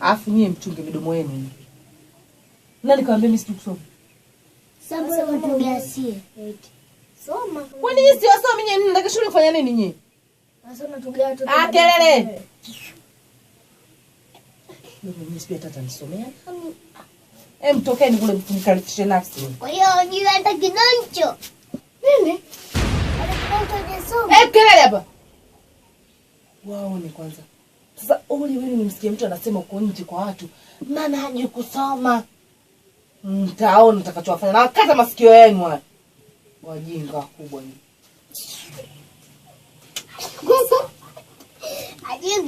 Alafu nyie mchunge midomo yenu. Nani kawaambia mimi sijui kusoma? Kwani si wasomi nyie? Mnaenda shule kufanya nini nyie? Ah, kelele. Mimi sijui kule mkalishe nafsi. Kwa hiyo Nini? kelele hapa waone kwanza. Sasa uli wewe nimsikie mtu anasema uko nje kwa watu, maana hajui kusoma. Mtaona utakachowafanya na kata masikio yenu wa Wajinga kubwa ni. Kwanza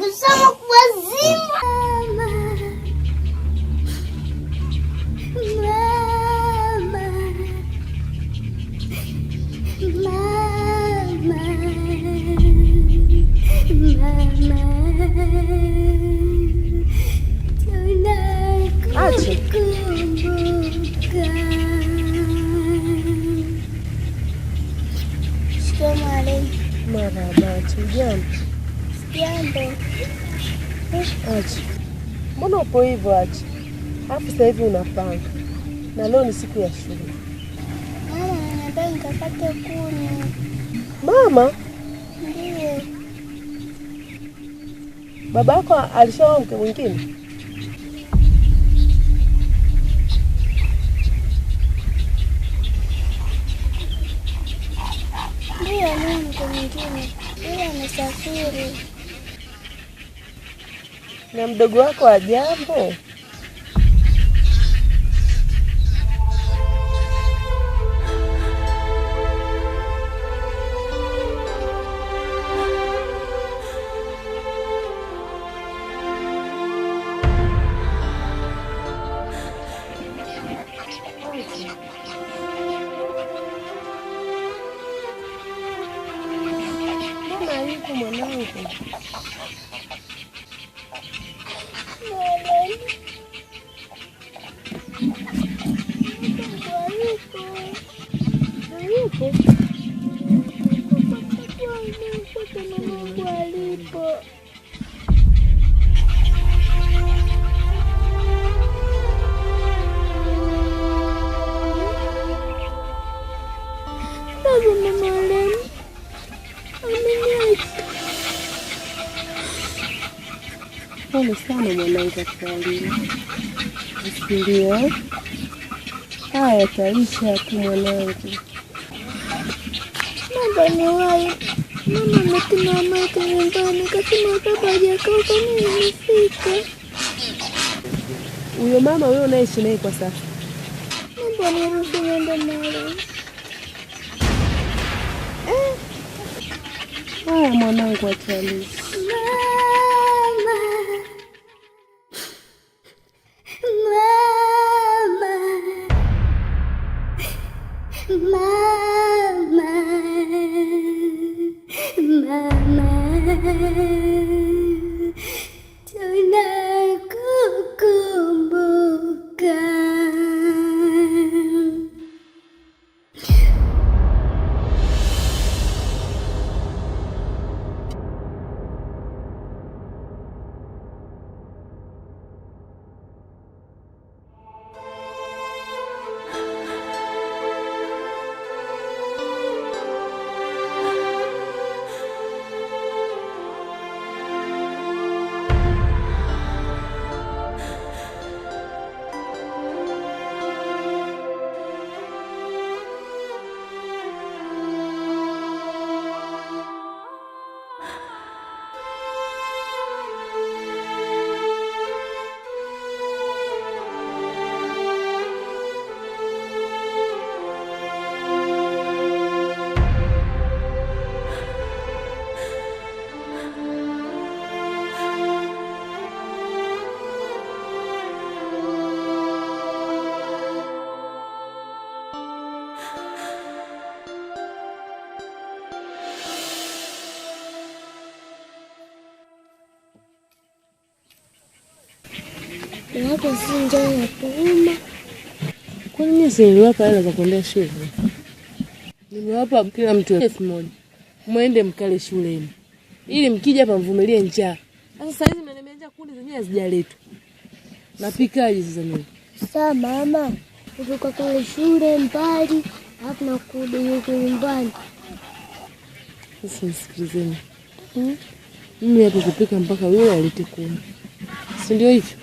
kusoma kwa zima. Mama. Ache. Achi, mbona upo hivyo Achi? Alafu sasa hivi unapanga, na leo ni siku ya shule. Mama, Baba yako alishaoa mke mwingine? Ndiyo, ni mke mwingine, yeye amesafiri. Na mdogo wako ajambo? Anne malem. Ameniacha. Pole sana mwanangu Salima. Usilie. Haya taisha tu mwanangu. Baba ni wai. Mama ametuma mama nyumbani kasema baba hajakaa kwa nini Huyo mama wewe unaishi naye kwa sasa. Mambo nirudi nyumbani. Ay, mwono yi wakweli. Mwen! mtoto si njaa ya kuuma. Kwani mimi si niliwapa hela za kuendea shule? Niliwapa kila mtu elfu moja mwende mkale shuleni ili mkija hapa mvumilie njaa. Sasa hizi mnanemea kuni zenyewe hazijaletwa. Napikaje sasa mimi? Sasa mama, utoka kule shule mbali, alafu nakurudi huko nyumbani. Sasa nisikilizeni. Hmm? Mimi hapo kupika mpaka wewe alete kuni. Si ndio hivyo?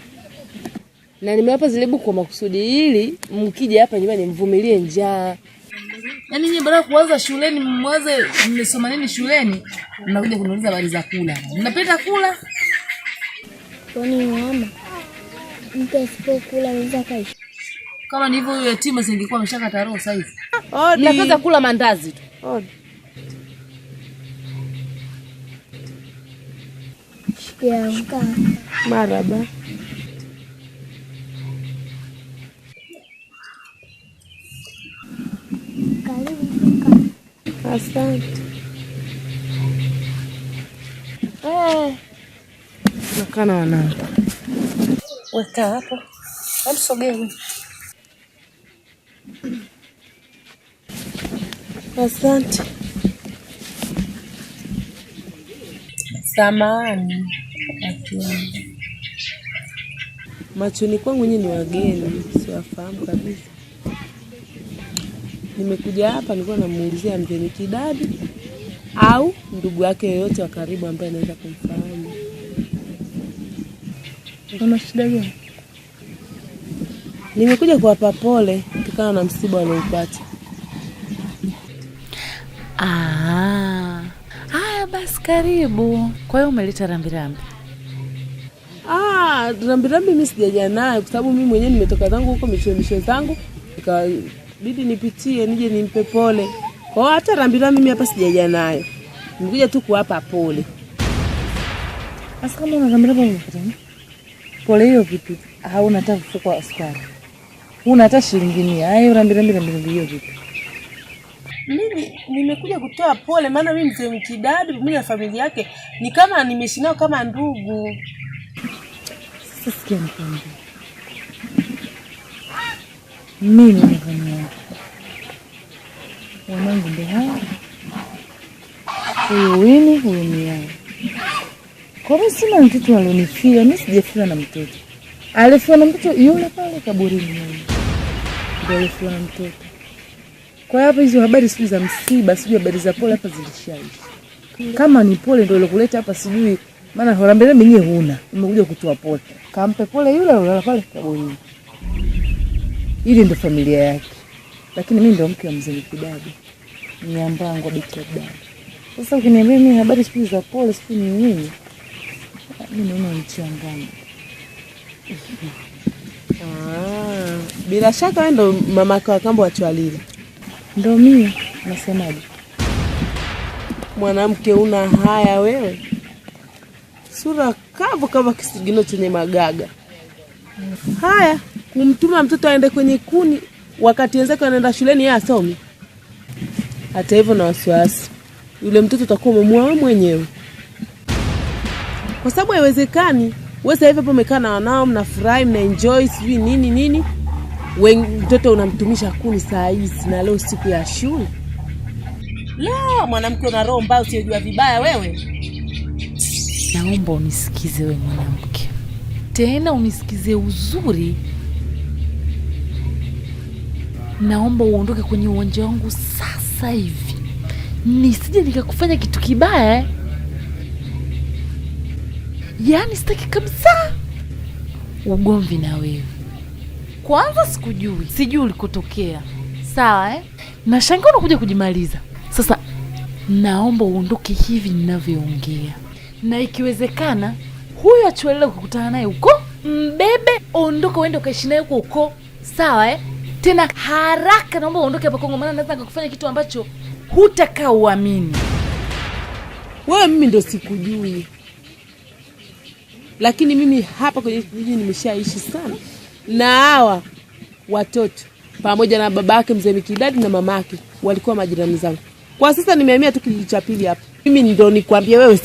na nimewapa zilebu kwa makusudi, ili mkija hapa nyumbani mvumilie njaa. Yaani nyinyi bora kuanza shuleni, mwanze mmesoma nini shuleni, mnakuja kuniuliza habari za kula. Mnapenda kula? Kwani mama mtu asipokula anaweza kaishi? Kama ni hivyo, huyo yatima singekuwa ameshakata roho sasa hivi. Nakaza kula mandazi tu. Shikia. Maraba. Asante. Nakana wanangu, weka hapo, amsogee. Asante. Samahani, machoni kwangu nyinyi ni wageni, siwafahamu kabisa. Nimekuja hapa nilikuwa namuulizia mzee Kidadi au ndugu yake yoyote wa karibu ambaye anaweza kumfahamu. Una shida gani? Nimekuja kuwapa pole kutokana na msiba wanaopata. Ah, haya basi, karibu. Kwa hiyo umeleta rambirambi? Ah, rambirambi mi sijaja nayo kwa sababu mi mwenyewe nimetoka zangu huko mishemishe zangu bidi nipitie nije nimpe pole. Kwa hata rambirambi mimi hapa sijaja nayo, nikuja tu kuwapa pole. Sasa na rambirambi pole hiyo vipi? Hauna hata mfuko wa sukari, una hata shilingi mia. Hayo rambirambi rambirambi hiyo vipi? Mimi nimekuja kutoa pole, maana mimi mzee Mkidadi mimi na familia yake ni kama nimeshinao kama ndugu. Sasa sikia nikwambie mimi mwenyewe. Wanangu ndio hawa, huyu wini, huyu miao. Kwa mimi sina mtoto alionifia, mimi sijafiwa na mtoto. Alifiwa na mtoto yule pale kaburini, mimi ndio alifiwa na mtoto. Kwa hiyo hapo hizo habari sijui za msiba, sijui habari za pole hapa zilishai Kama ni pole ndio ilokuleta hapa sijui, maana horambele mwenyewe huna, umekuja kutoa pole. Kampe pole yule alolala pale kaburini. Ili ndo familia yake, lakini mi ndo mke wa mzee Kidado, nyambangu binti ya Sasa ukiniambia mimi habari siku za pole, siku ni nini, mi naona nichangana. Ah, bila shaka wewe ndo mamake wa kambo wa Chwalila. Ndo mimi nasemaje? Mwanamke una haya wewe, sura kavu kama kisigino chenye magaga. Haya kumtuma mtoto aende kwenye kuni wakati wenzake wanaenda shuleni, yeye asome. Hata hivyo, na wasiwasi yule mtoto utakuwa wewe mwenyewe, kwa sababu haiwezekani wewe sasa hivi hapo umekaa na wanao, mnafurahi, mna enjoy sijui nini nini, mtoto unamtumisha kuni saa hizi, na leo siku ya shule. La, mwanamke una roho mbaya usiyojua vibaya wewe. Naomba unisikize wewe mwanamke, tena unisikize uzuri naomba uondoke kwenye uwanja wangu sasa hivi, nisije nikakufanya kitu kibaya. Eh? Yaani sitaki kabisa ugomvi na wewe. Kwanza sikujui, sijui ulikotokea, sawa eh? na unakuja kujimaliza sasa. Naomba uondoke hivi ninavyoongea, na ikiwezekana huyo achuelele kukutana naye huko, mbebe, ondoka uende ukaishi naye huko huko, sawa eh? tena haraka, naomba uondoke hapa Kongo, maana naweza kukufanya kitu ambacho hutakaa uamini. Wewe mimi ndo sikujui, lakini mimi hapa kwenye kijiji nimeshaishi sana na hawa watoto pamoja na babake mzee Mikidadi na mamake walikuwa majirani zangu. Kwa sasa nimehamia tu kijiji cha pili hapa. Mimi ndo nikwambie wewe,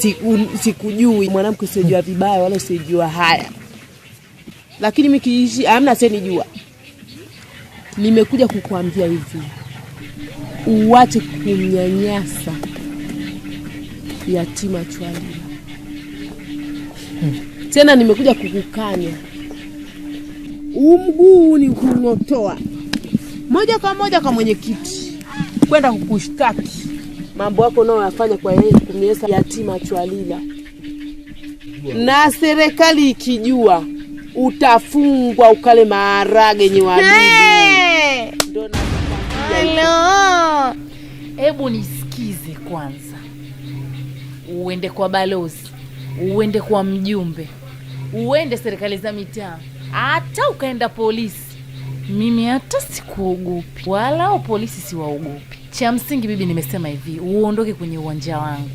sikujui mwanamke, usiojua vibaya wala usiojua haya, lakini mimi kijiji hamna senijua nimekuja kukuambia hivi, uwache kunyanyasa yatima Chwalila. Hmm. Tena nimekuja kukukanya umguu ni kung'otoa moja kwa moja kwa mwenyekiti kwenda kukushtaki mambo yako unayoyafanya kwa yeye kumnyanyasa yatima Chwalila, na serikali ikijua utafungwa ukale maharage yenye wadudu. Hello. Hebu nisikize kwanza, uende kwa balozi, uende kwa mjumbe, uende serikali za mitaa, hata ukaenda polisi, mimi hata sikuogopi, wala au polisi siwaogopi. Cha msingi bibi, nimesema hivi, uondoke kwenye uwanja wangu.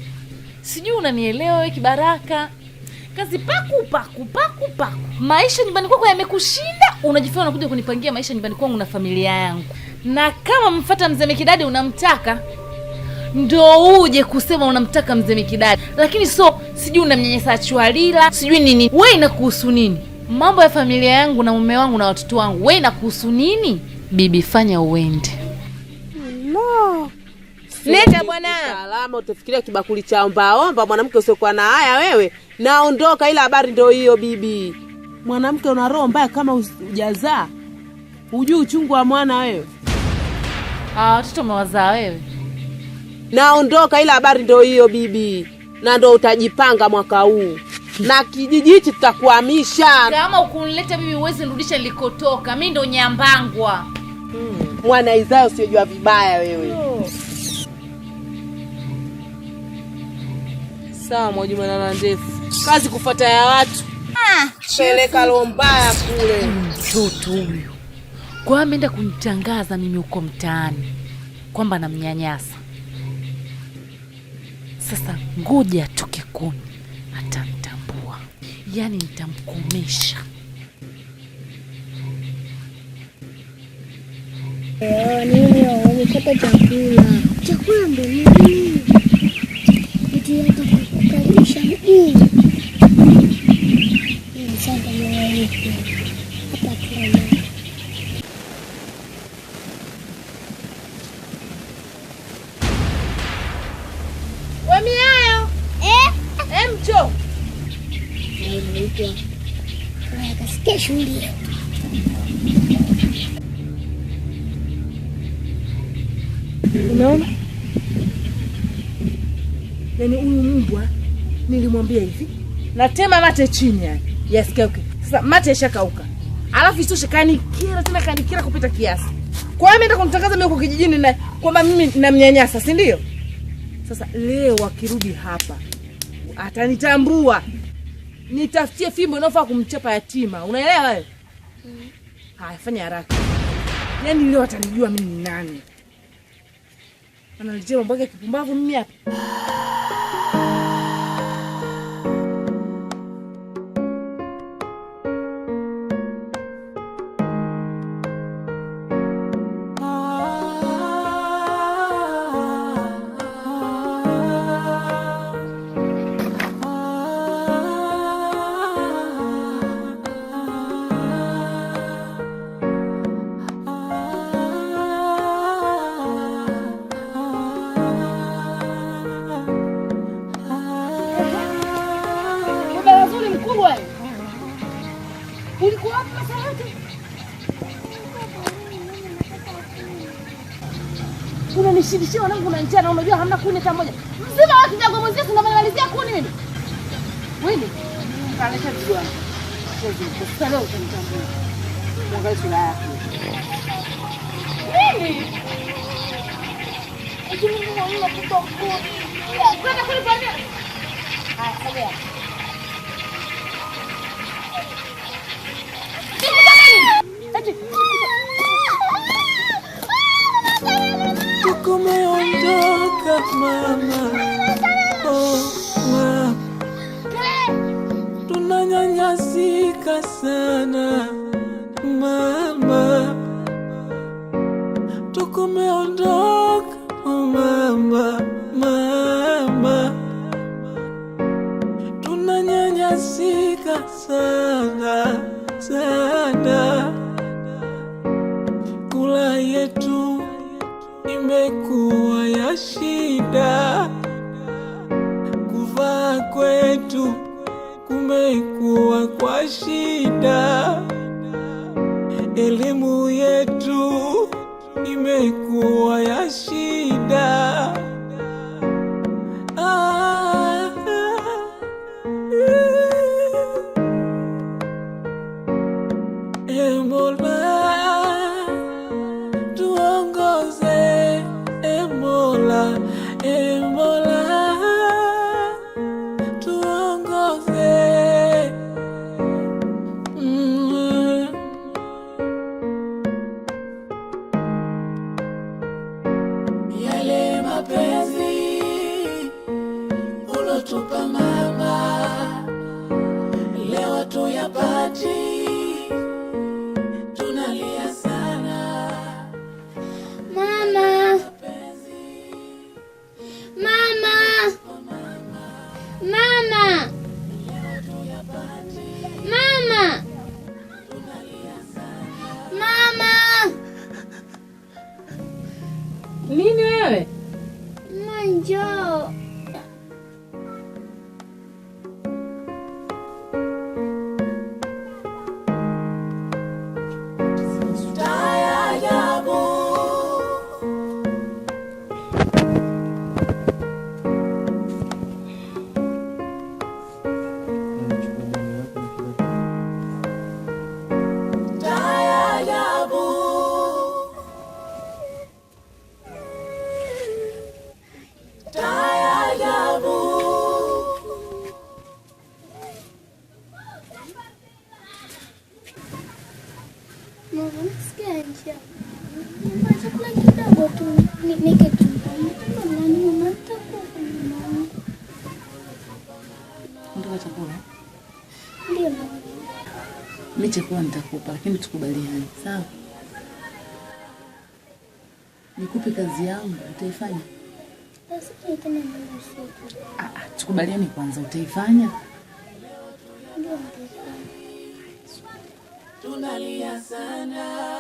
Sijui unanielewa wewe, kibaraka kazi paku paku paku paku. Maisha nyumbani kwako yamekushinda, unajifanya unakuja kunipangia maisha nyumbani kwangu na familia yangu na kama mfata mzee Mikidadi unamtaka ndo uje kusema unamtaka mzee Mikidadi, lakini so sijui unamnyanyasa Chwalila sijui nini. We inakuhusu nini? Mambo ya familia yangu na mume wangu na watoto wangu, we inakuhusu nini? Bibi fanya uende Nenda bwana, salama. Utafikiria kibakuli cha ombaomba, mwanamke usiokuwa na haya wewe. Naondoka, ila habari ndio hiyo bibi. Mwanamke una roho mbaya kama hujazaa, hujui uchungu wa mwana wewe. Ah, watoto umewazaa wewe? Naondoka, ila habari ndo hiyo bibi, na ndio utajipanga mwaka huu na kijiji hichi tutakuhamisha. Kama ukunileta mimi uwezi nirudisha nilikotoka, mi ndo nyambangwa. Hmm, mwana Izayo, usiyojua vibaya wewe. Oh. Sawa mwaji na ndefu kazi kufuata ya watu, ah, peleka lombaya kule mtoto. Kwa hiyo ameenda kunitangaza mimi huko mtaani kwamba namnyanyasa. Sasa ngoja tu kikuni atamtambua yaani nitamkomesha. chakula, chakula anaitwa akasikia shughuli yetu Umeona? Yaani huyu mbwa nilimwambia hivi, natema mate chini, yani yasikia okay. Sasa mate yashakauka, alafu isitoshe kanikira tena, kanikira kupita kiasi. Kwa hiyo ameenda kumtangaza mimi huko kijijini na kwamba mimi namnyanyasa, si ndio? Sasa leo akirudi hapa atanitambua nitafutie fimbo inayofaa kumchapa yatima, unaelewa wewe? Mm. Haya, fanya haraka, yani leo atanijua mimi ni nani. Analetea mambo yake kipumbavu mimi hapa. wewe? Ulikuwa wapi masaa yote? Unanishindishia wanangu na njaa na unajua hamna kuni hata moja. Mzima wa kijago mwenzie tunamalizia kuni mimi. Wewe? Kaleta bidwa. Sasa leo utanitambua. Mwangalie sura yako. Mimi? Ujumbe wangu unatoka kwa. Kwenda kulipania. Ah, sawa. Tuko umeondoka mama, oh, Tunanyanyasika sana mama, tuko umeondoka shida. Elimu yetu imekuwa ya shida. uliotupa mama, leo tuyapati Mimi chakula nitakupa, lakini tukubaliane, sawa? Nikupe kazi yangu, utaifanya? Ah, ah, tukubaliane kwanza, utaifanya? Tunalia sana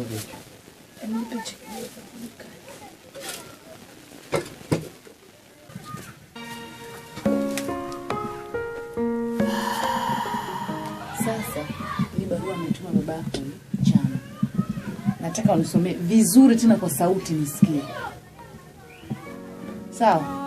Nipe sasa hii barua ametuma babako Chama, nataka unisomee vizuri tena kwa sauti nisikie, sawa?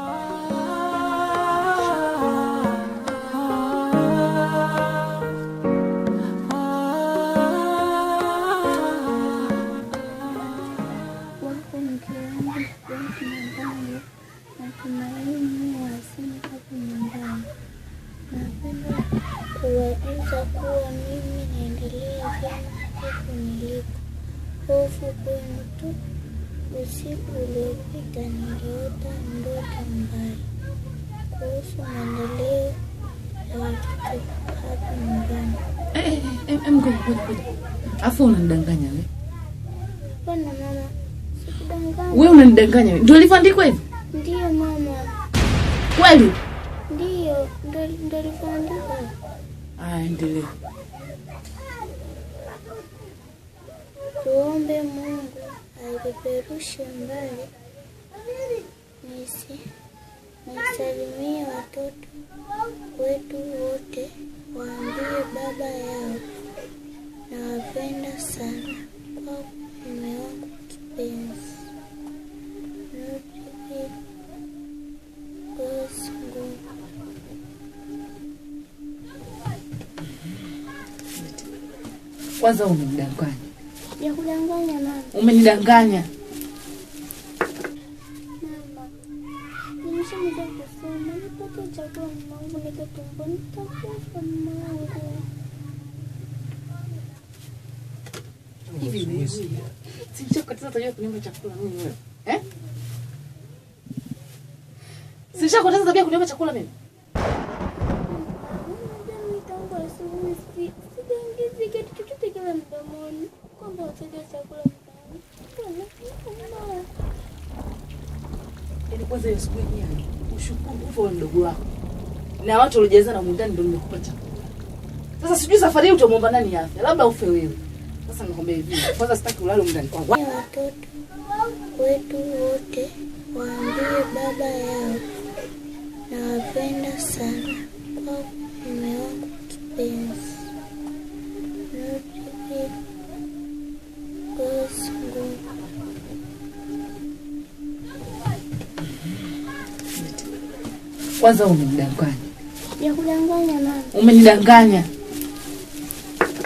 itaniota ndoto mbaya kuhusu maendeleo ya watoto hapa nyumbani. Afu unanidanganya we? Hapana mama, sikudanganya. Wewe unanidanganya wewe. Ndio ilivyoandikwa hivi? Ndio mama. Kweli? Ndio, ndio ilivyoandikwa. Ah, endelee. Tuombe Mungu aipeperushe mbali sisi. waisalimie watoto wetu wote, waambie baba yao nawapenda sana. kwa mume wangu kipenzi. Kwanza umenidanganya, umenidanganya. Bunta ko von Mauro. Hivi mimi. Sishakatiza tabia kuniomba chakula mimi wewe. Eh? Sishakatiza tabia kuniomba chakula mimi. Kwanza hiyo siku yenyewe ushukuru ufa wa mdogo wako na watu waliojaza na mundani ndio nimekupa chakula. Sasa sijui safari hii utamwomba nani afya, labda ufe wewe. Sasa nakwambia hivi, kwanza sitaki ulale mundani kwangu. Watoto wetu wote waambie baba yao nawapenda sana kwa mume wangu kipenzi kwanza umemdakwani ya kudanganya mama. Umenidanganya.